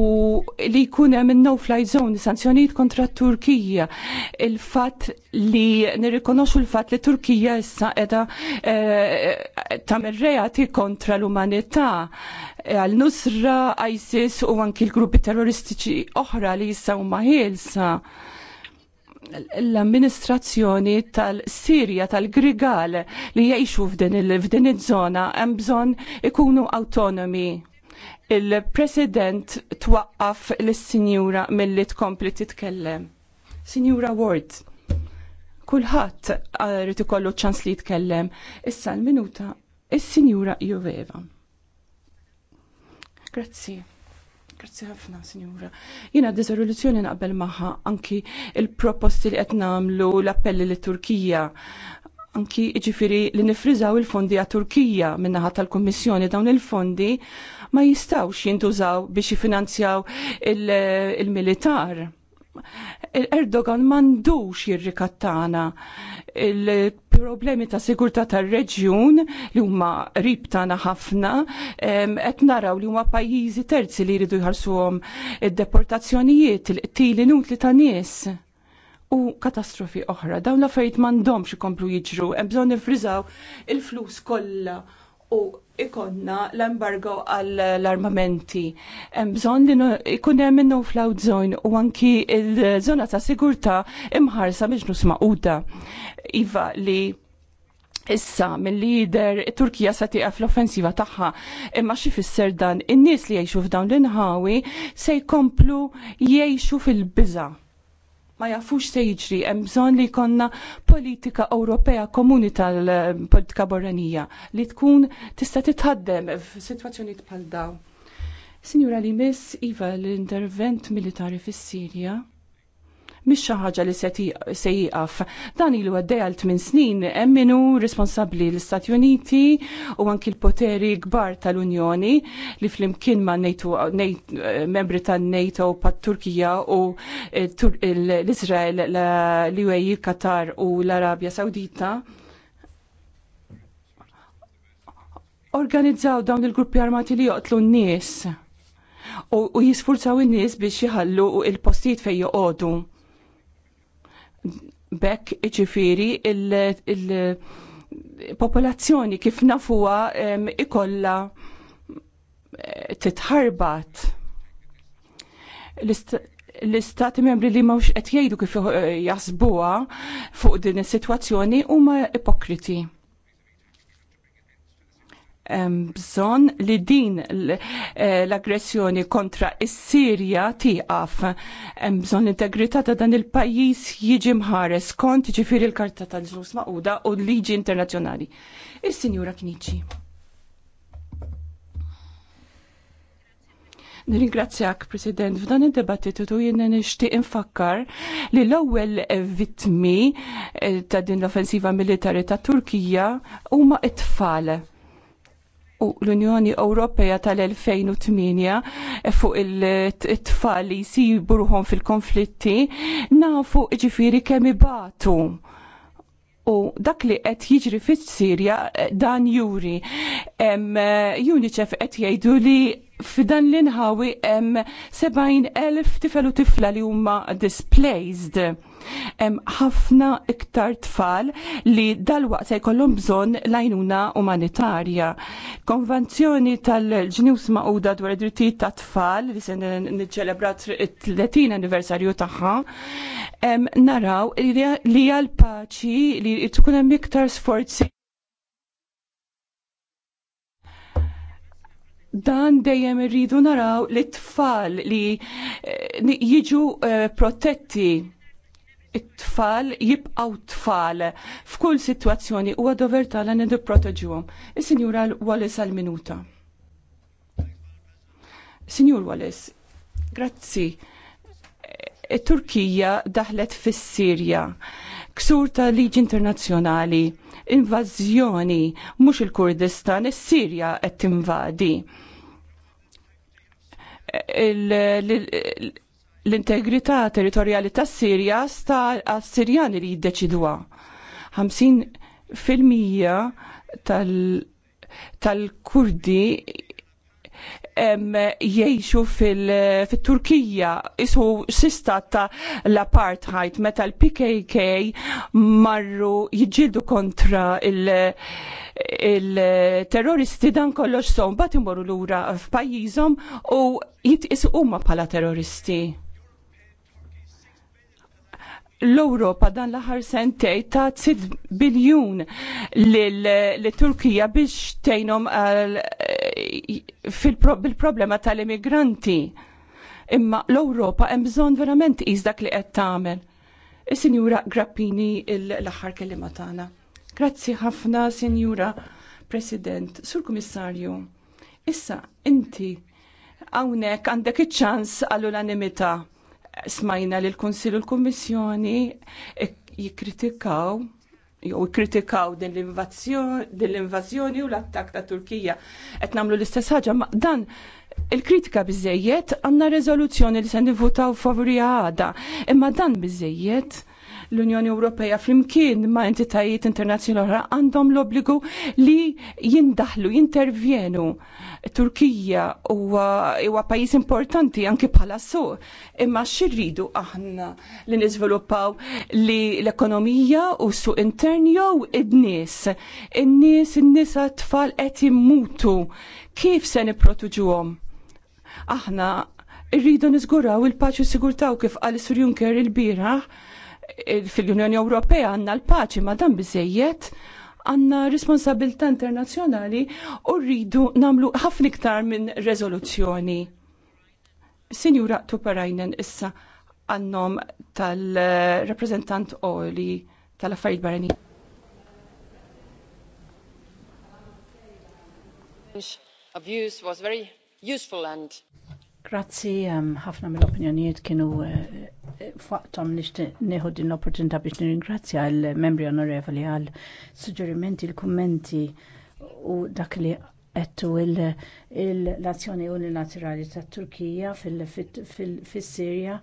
li jkun hemm no fly zone, sanzjonijiet kontra t Turkija, il fat li nirrikonoxxu l fat li Turkija issa qiegħda eh, tagħmel reati kontra l-umanità għal e, nusra ISIS u anki l-gruppi terroristiċi oħra li jissa huma ħielsa l-amministrazzjoni tal-Sirja tal-Grigal li jgħixu f'din iż-żona hemm bżonn ikunu autonomi il-President twaqqaf l-Sinjura milli tkompli titkellem. Sinjura Ward, kulħadd rrid ah, ikollu ċans li jitkellem. Issa l-minuta is-Sinjura Joveva. Grazzi. Grazzi ħafna, Sinjura. Jina d-dizoluzzjoni naqbel maħħa anki il-proposti li qed nagħmlu l-appelli li Turkija anki ġifiri li nifrizaw il-fondi għat Turkija minnaħa tal-Kommissjoni dawn il-fondi ma jistawx jintużaw biex jifinanzjaw il-militar. Il Erdogan mandux jirrikattana il-problemi ta' sigurta tar reġjun li huma ribtana ħafna qed naraw li huma pajjiżi terzi li jridu jħarsuhom id-deportazzjonijiet il-qtil inutli ta' nies u katastrofi oħra. Dawn l-affarijiet m'għandhomx ikomplu jiġru, hemm bżonn nifriżaw il-flus kollha u ikonna l-embargo għall-armamenti. Bżon li ikun hemm minnu fl-out zone u anki il-żona ta' sigurta imħarsa biex nusma' Iva li Issa, mill-lider, Turkija se tieqa fl-offensiva tagħha, imma xi fisser dan, in-nies li jgħixu f'dawn l-inħawi se jkomplu jgħixu fil-biża' ma jafux se jiġri, hemm bżonn li jkollna politika Ewropea komuni tal-politika Borranija li tkun tista' titħaddem f'sitwazzjonijiet bħal dawn. Signora li miss Iva l-intervent militari fis-Sirja mhix xi ħaġa li se jieqaf. Dan ilu għaddej għal tmien snin hemm minnu responsabbli l-Istati Uniti u anki l-poteri kbar tal-Unjoni li flimkien ma' NATO, membri tan-NATO pat-Turkija u eh, l-Iżrael, l-UAE, Qatar u l-Arabja Sawdita organizzaw dawn il-gruppi armati li joqtlu n-nies u, jisfurzaw in-nies biex jħallu il-postijiet fejn joqogħdu. Bekk iġifiri il-popolazzjoni kif nafuha ikolla eh, titħarbat. L-istati membri li mhux qed jgħidu kif eh, jaħsbuha fuq din is-sitwazzjoni huma ipokriti bżon li din eh, l-aggressjoni kontra is-Sirja tiqaf. Hemm bżonn integrità ta' dan il-pajjiż jiġi mħares kont ġifier l-Karta tal ġlus Maquda u l-Liġi Internazzjonali. Is-Sinjura Kniċi. Nirringrazzjak, President, f'dan id-debattitu jiena nixtieq infakkar li l-ewwel vittmi eh, ta' din l-offensiva militari ta' Turkija huma it-tfal u l-Unjoni Ewropea tal-2008 fuq il-tfal li jisibu fil-konflitti nafu ġifiri kemm ibatu. U dak li qed jiġri fis-Sirja eh, dan juri. Eh, UNICEF qed jgħidu li f'dan l-inħawi hemm 70,000 tifel u tifla li huma displaced. Hemm ħafna iktar tfal li dalwaqt se jkollhom bżonn l-għajnuna umanitarja. Konvenzjoni tal-ġnus Mauda dwar id-drittijiet ta' tfal li se niċċelebra t-30 anniversarju tagħha, naraw li hija l-paċi li tkun hemm iktar sforzi dan dejjem irridu naraw li t-tfal li eh, jiġu eh, protetti it-tfal jibqaw tfal f'kull situazzjoni u għadover tala nidu proteġuhom. Is-Sinjura Wallis għal-minuta. Sinjur Wallis, grazzi. Eh, Turkija daħlet fis-Sirja. Ksur ta' liġi internazzjonali invażjoni mhux il-Kurdistan, is-Sirja qed tinvadi l-integrità territorjali tas Sirja sta għas-Sirjani li jiddeċidwa. 50% fil-mija tal-Kurdi jiexu fil-Turkija isu sista ta' l-apartheid meta l-PKK marru jġildu kontra il-terroristi dan kollox son bat imorru l-ura f'pajjiżhom u jitqis huma bħala terroristi l-Europa dan l ħar sentej ta' 6 biljun l-Turkija biex tejnom eh, bil-problema tal-immigranti. Imma l-Europa hemm bżonn verament qis dak li qed tagħmel. Is-Sinjura Grappini l-aħħar kelliema tagħna. Grazzi ħafna, Sinjura President, Sur Kummissarju. Issa inti hawnhekk għandek iċ-ċans għall-unanimità smajna li l-Konsil u l-Kommissjoni jikritikaw jew kritikaw din l-invażjoni u l-attak ta' Turkija qed nagħmlu l-istess ħaġa ma' dan il-kritika bizzejiet għandna rezoluzjoni li se nivvutaw favorija għada imma dan bizzejiet l-Unjoni Ewropea flimkien ma' entitajiet internazzjonali għandhom l-obbligu li jindaħlu, jintervjenu. Turkija huwa pajjiż importanti anki bħala suq, imma xirridu aħna li niżviluppaw li l-ekonomija u suq intern jew id-nies. In-nies, in-nisa tfal qed immutu. Kif se nipprotuġuhom? Aħna rridu niżguraw il paċi u sigurtaw kif qal Sur Juncker il bieraħ fil-Unjoni Ewropea għandna l-paċi ma dan biżejjed għanna responsabilta internazjonali u rridu namlu ħafna iktar minn rezoluzzjoni. Sinjura Tuparajnen issa għannom tal-reprezentant Oli tal-affarijiet barani. Abuse was very useful and Grazzi, ehm, ħafna um, mill-opinjonijiet kienu eh, eh, faqtom nixtieq neħu din l-opportunità biex nirringrazzja l-membri onorevoli għal suġġerimenti, l-kummenti u dak li għettu l-azzjoni unilaterali ta' Turkija fil-Sirja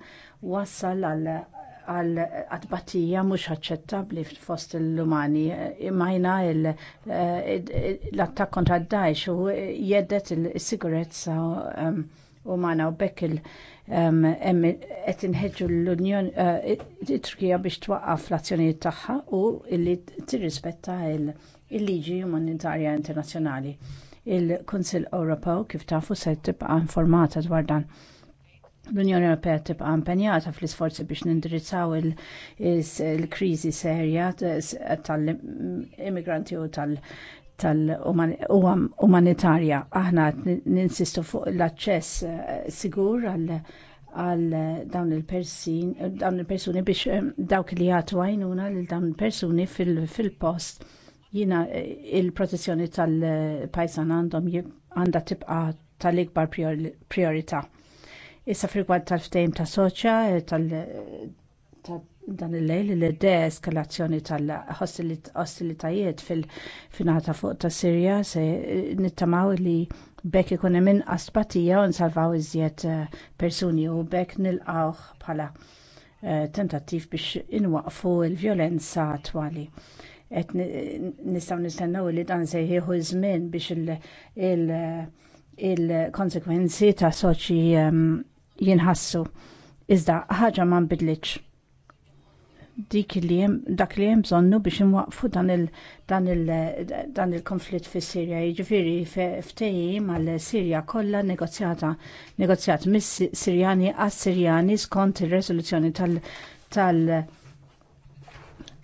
wassal għal għal għadbatija mux ħacċettabli fost l-lumani imajna eh, l-attak kontra d dajx u jeddet il-sigurezza um, maħna u bekk il-qed inħeġġu l-Unjon eh, it-Turkija biex twaqqaf l-azzjonijiet tagħha u illi tirrispetta il-liġi umanitarja internazzjonali. Il-Kunsill Ewropew kif tafu se tibqa' informata dwar dan. L-Unjoni Ewropea tibqa' impenjata fl-isforzi biex nindirizzaw il-kriżi serja tal-immigranti u tal- tal-umanitarja. Aħna ninsistu fuq l-aċċess eh, sigur għal dawn il-persin, dawn il-persuni biex eh, dawk li jagħtu għajnuna lil dawn il-persuni fil-post. Jina eh, il-protezzjoni tal-pajsan għandhom għandha tibqa tal-ikbar priorità. Issa frigwad tal-ftejm ta' soċja, tal dan il-lejl li deeskalazzjoni tal-ostilitajiet fil-finata fuq ta' Sirja se eh, nittamaw li bekk ikun hemm inqas patija u nsalvaw iżjed eh, persuni u bekk nilqawh bħala eh, tentattiv biex inwaqfu l-vjolenza attwali et nistaw nistennaw li dan se jieħu żmien biex il-konsekwenzi ta' soċi ehm, jinħassu. Iżda ħaġa ma nbidlitx dik li jem, dak li jem bżonnu biex imwaqfu dan il-konflitt il, il fis sirja jiġifieri ftehim mal sirja kollha negozjata, negozjat mis sirjani għas sirjani skont ir rezoluzzjoni tal- tal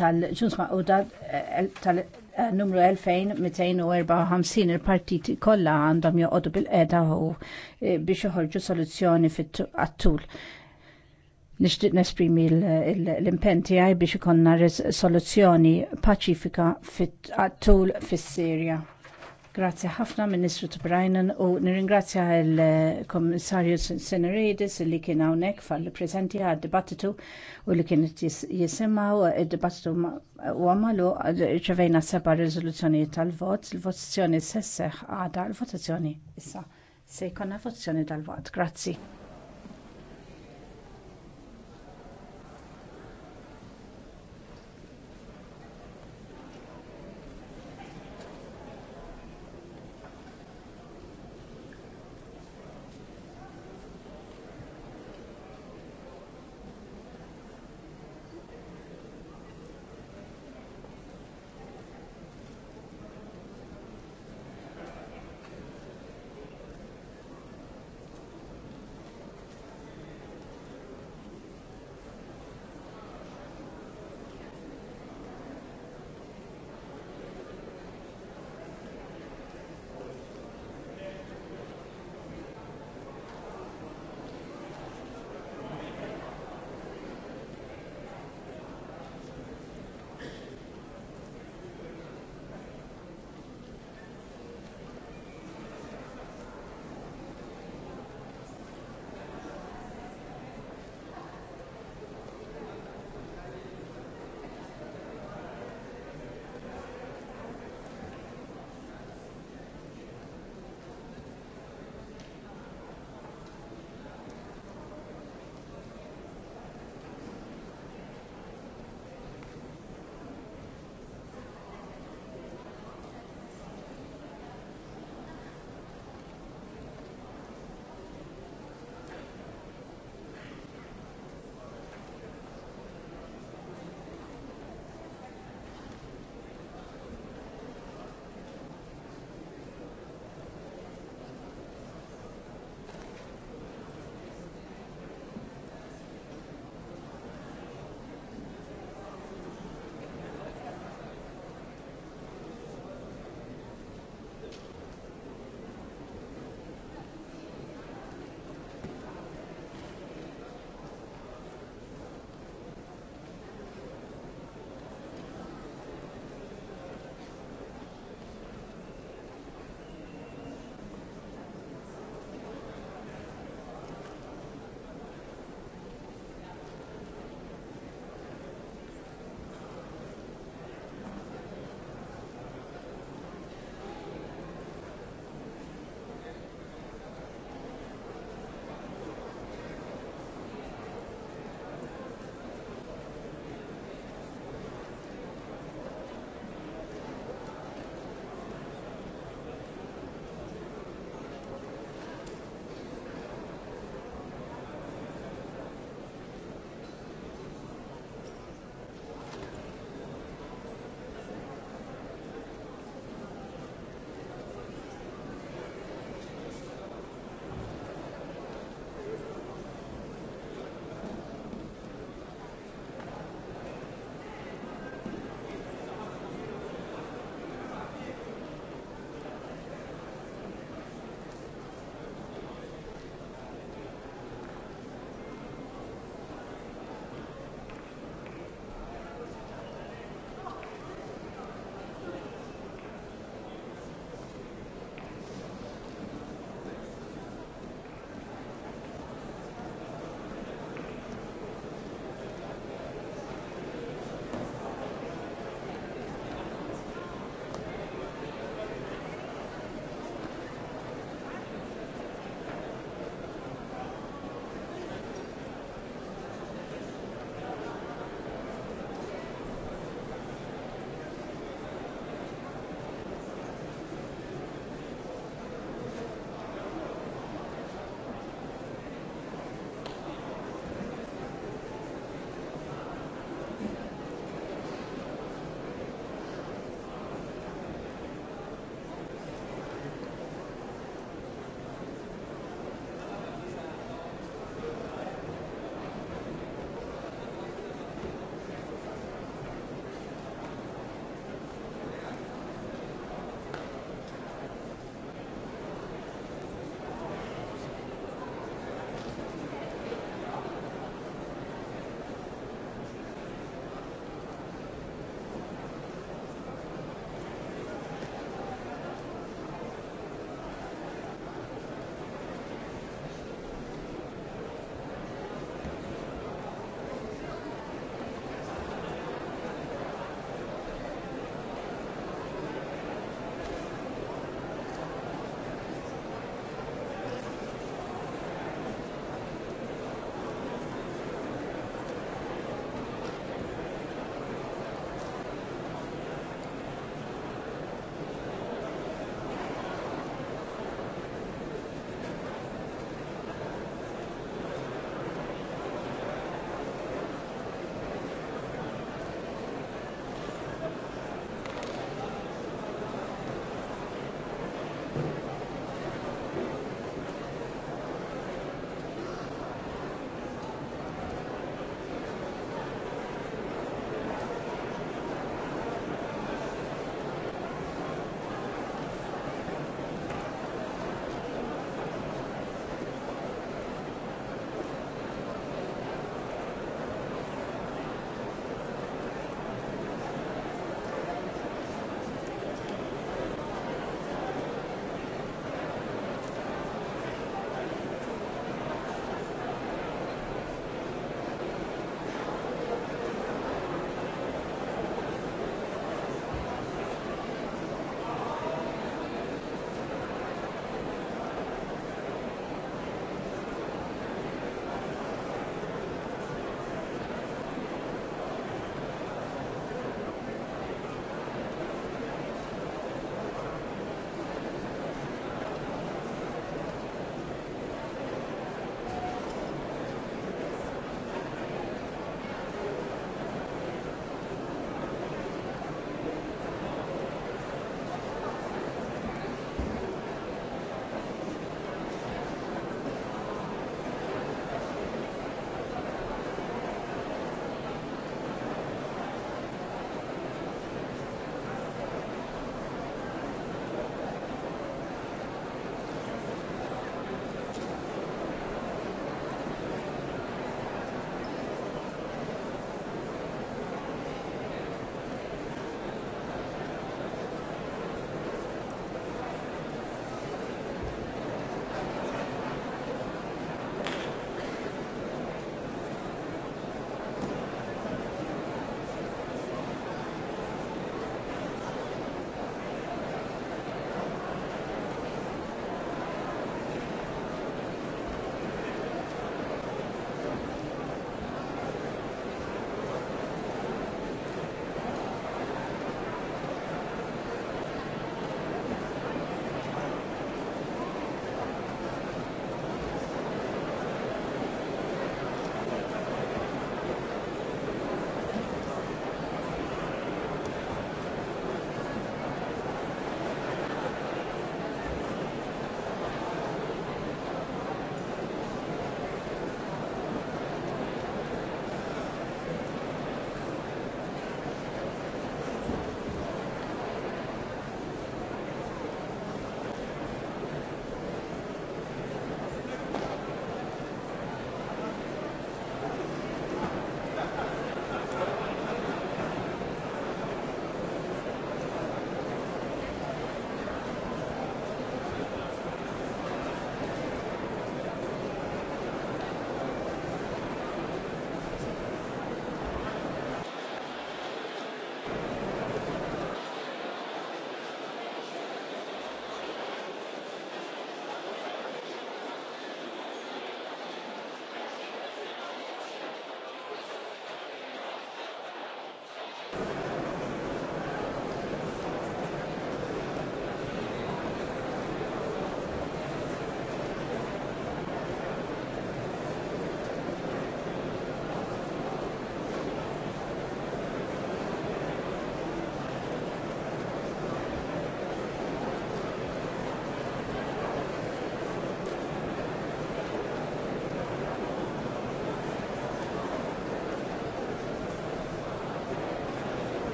tal-ġuns maquda eh, tal eh, numru 2254 il-partiti kollha għandhom joqogħdu bil-qeda u eh, biex joħorġu soluzzjoni fit-tul. Nixtieq nesprimi l impenti għaj biex ikonna soluzzjoni paċifika fit-tul fis-Sirja. Grazzi ħafna Ministru Tubrajnan u nirringrazzja il-Kommissarju Seneridis li kien hawnhekk fal-preżenti għad-dibattitu u li kien jisimgħu id-dibattitu huwa malu ċevejna seba' riżoluzzjonijiet tal-vot, il-votazzjoni sesseħ għada l-votazzjoni issa se jkollna votazzjoni tal-vot. Grazzi.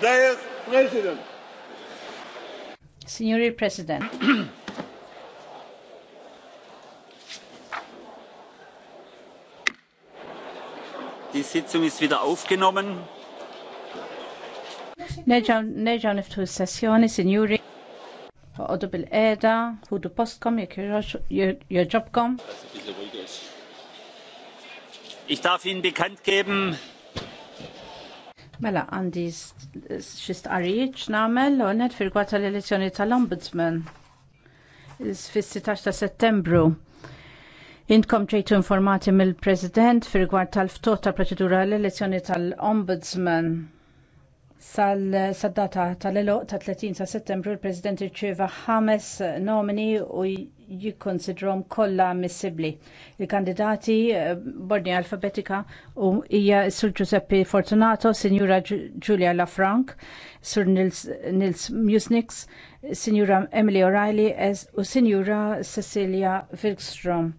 Dear President. Signori President. Die Sitzung ist wieder aufgenommen. Nerġaw niftu s-sessjoni, signori. Għoddu bil-eda, hudu postkom, jek jirġobkom. Ich darf Ihnen bekannt geben, Mela, għandi xistqarijiet x'namel u net fil tal-elezzjoni tal-Ombudsman fis-16 ta' Settembru. Intkom ġejtu informati mill-President fil tal-ftot ta' proċedura l-elezzjoni tal-Ombudsman. Sal-data tal-eloq ta' 30 ta' settembru il-President irċieva ħames nomini u jikkonsidrom kollha ammissibbli. Il-kandidati eh, bordni alfabetika u hija Sur Giuseppe Fortunato, Sinjura Giulia Lafranc, Sur Nils, Nils Musnix, Sinjura Emily O'Reilly u Sinjura Cecilia Wilkstrom.